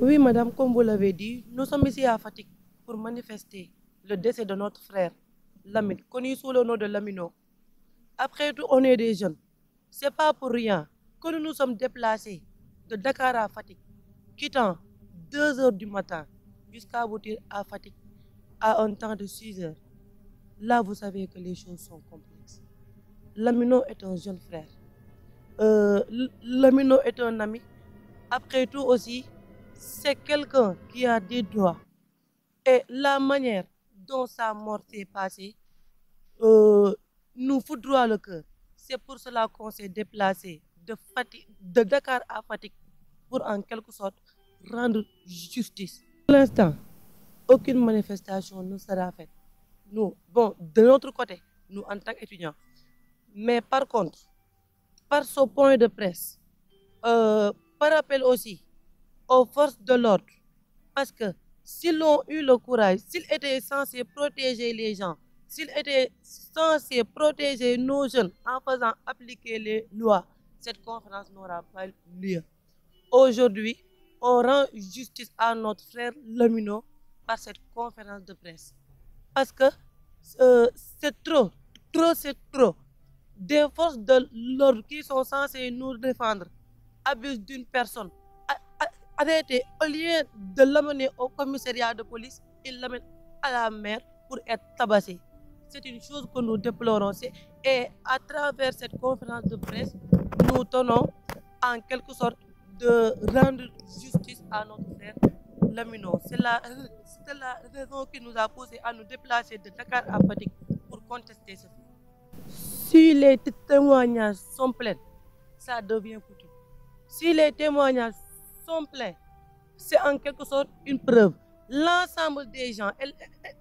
Oui, madame, comme vous l'avez dit, nous sommes ici à Fatick pour manifester le décès de notre frère Lamine, connu sous le nom de Lamino. Après tout, on est des jeunes. C'est pas pour rien que nous sommes déplacés de Dakar à Fatick, quittant 2 heures du matin jusqu'à aboutir à Fatick à un temps de 6 heures. Là, vous savez que les choses sont complexes. Lamino est un jeune frère. Euh, est un ami. Après tout aussi c'est quelqu'un qui a des droits et la manière dont sa mort s'est passée euh, nous foudroie le cœur c'est pour cela qu'on s'est déplacé de Fatick de Dakar à Fatick pour en quelque sorte rendre justice pour l'instant aucune manifestation ne sera faite nous bon de notre côté nous en tant qu'étudiants mais par contre par ce point de presse euh, par appel aussi aux forces de l'ordre. Parce que s'ils ont eu le courage, s'ils étaient censés protéger les gens, s'ils étaient censés protéger nos jeunes en faisant appliquer les lois, cette conférence n'aura pas lieu. Aujourd'hui, on rend justice à notre frère Lamino par cette conférence de presse. Parce que euh, c'est trop, trop c'est trop. Des forces de l'ordre qui sont censées nous défendre abusent d'une personne arrêté, au lieu de l'amener au commissariat de police, il l'amène à la mer pour être tabassé. C'est une chose que nous déplorons. Et à travers cette conférence de presse, nous tenons en quelque sorte de rendre justice à notre frère Lamino. C'est la, la, raison qui nous a poussé à nous déplacer de Dakar à pour contester ce Si les témoignages sont pleins, ça devient foutu. Si les témoignages sont pleins. C'est en quelque sorte une preuve. L'ensemble des gens,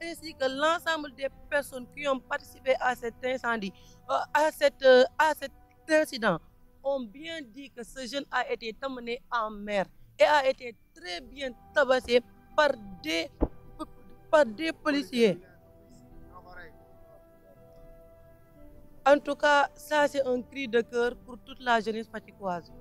ainsi que l'ensemble des personnes qui ont participé à cet incendie, euh, à, cette, euh, à cet incident, on bien dit que ce jeune a été emmené en mer et a été très bien tabassé par des, par policiers. En tout cas, ça c'est un cri de cœur pour toute la jeunesse faticoise.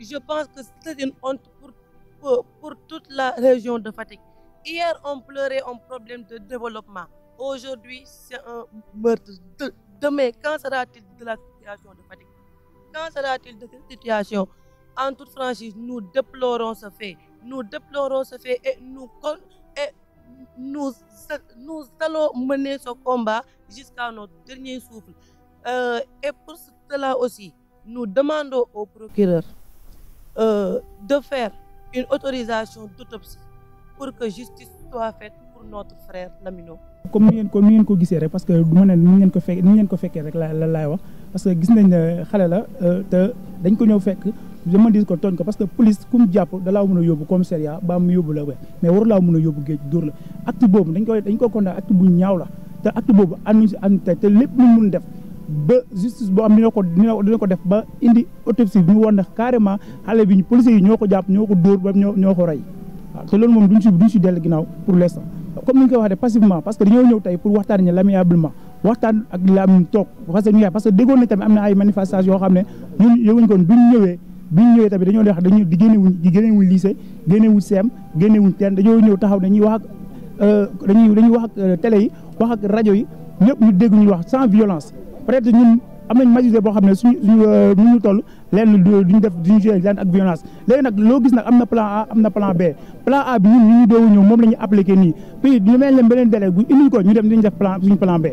je pense que c'est une pour, pour, toute la région de Fatick. Hier, on pleurait un problème de développement. Aujourd'hui, c'est un meurtre. De, demain, quand sera-t-il de la situation de Fatick? Quand sera-t-il de cette situation? En toute franchise, nous déplorons ce fait. Nous déplorons nous et nous nous allons mener ce combat jusqu'à notre dernier souffle. Euh, et pour cela aussi, nous demandons au procureur euh, de faire une autorisation d'autopsie pour que justice soit faite pour notre frère Lamino. comme ni ngeen ko ni ngeen ko gisee rek parce que du ma ne ni ngeen ko fekk ni ngeen ko fekkee rek la laay wax parce que gis nañ ne xale la euh, dañ ko ñëw fekk je me dis ko tooñ parce que police ku mu jàpp dalaa mën a yóbbu commissariat ba mu yóbbu la we mais waru laa mën a yóbbu géej dóor la acte boobu dañ koy dañ ko condamné acte bu ñaaw la te acte boobu ànd si ànd te lépp lu mun def ba justice boo am dina ko def ba indi autopsie bi ñu woon ne carrément xale bi ñu policiers yi ñoo ko jàpp ñoo ko dóor ba ñoo ñoo ko rey waaw te loolu moom duñ si duñ si dellu ginnaaw pour l'instant comme ni ñu koy parce que dañoo ñëw am toog parce que ñu parce am na ay manifestation yoo xam ne ñun yëguñ kon duñ tamit dañoo wax dañu di génnewuñ di génnewuñ lycée génnewuñ CEM génnewuñ teen dañoo ñëw taxaw dañuy wax ak euh, dañuy dañuy wax ak euh, yi wax ak rajo yi ñëpp ñu dégg ñu wax sans violence peut-être ñun am nañ majorité boo xam ne suñu suñu euh, ñu toll lenn duñ def duñ joué lenn ak violence léegi nag loo gis nag am na plan A am na plan B plan A bi ñun ñu ñu doowu ñëw moom la ñu appliqué nii puis ñu mel leen beneen délai bu indi ko ñu dem dañu def plan suñu plan B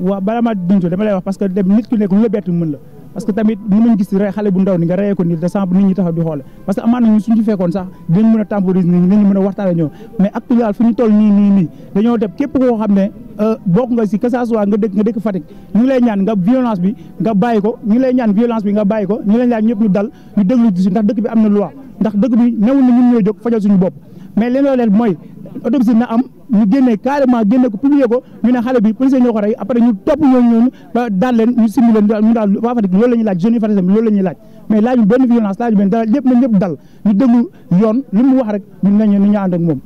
waaw bala ma dund wax parce que dem nit ku nekk lu la bett mën la parce que tamit mënuñ gis rey xale bu ndaw ni nga reyee ko nii de sànq nit ñi taxaw di xoole parce que amaana ñun suñu ci fekkoon sax dinañ mën a temporiser nit a waxtaan ak ñoom nii nii dañoo def képp koo xam ne euh, bokk nga si que ça nga dëkk nga dëkk Fatick ñu ngi ñaan nga violence bi nga bàyyi ko ñu ngi lay ñaan violence bi nga bàyyi ko ñu leen ñaan ñëpp ñu dal ñu déglu si ndax dëkk bi am na loi ndax dëkk bi newul na ñun ñoo jóg fajal suñu bopp mais leen loolee autopsie na am ñu génne carrément génne ko publié ko ñu ne xale bi policier ñoo ko rey après ñu topp ñooñu ñooñu ba daal leen ñu simbi ñu daal waa Fatick loolu la ñuy laaj jeunes yi Fatick loolu la ñuy laaj mais laaj benn violence laaj ñu benn dal ñu déglu yoon li mu wax rek ñun nañu ñu ànd moom